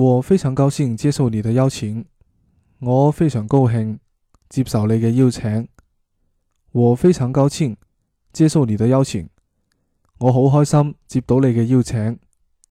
我非常高興接受你的邀請。我非常高興接受你嘅邀請。我非常高興接受你的邀請。我好開心接到你嘅邀請。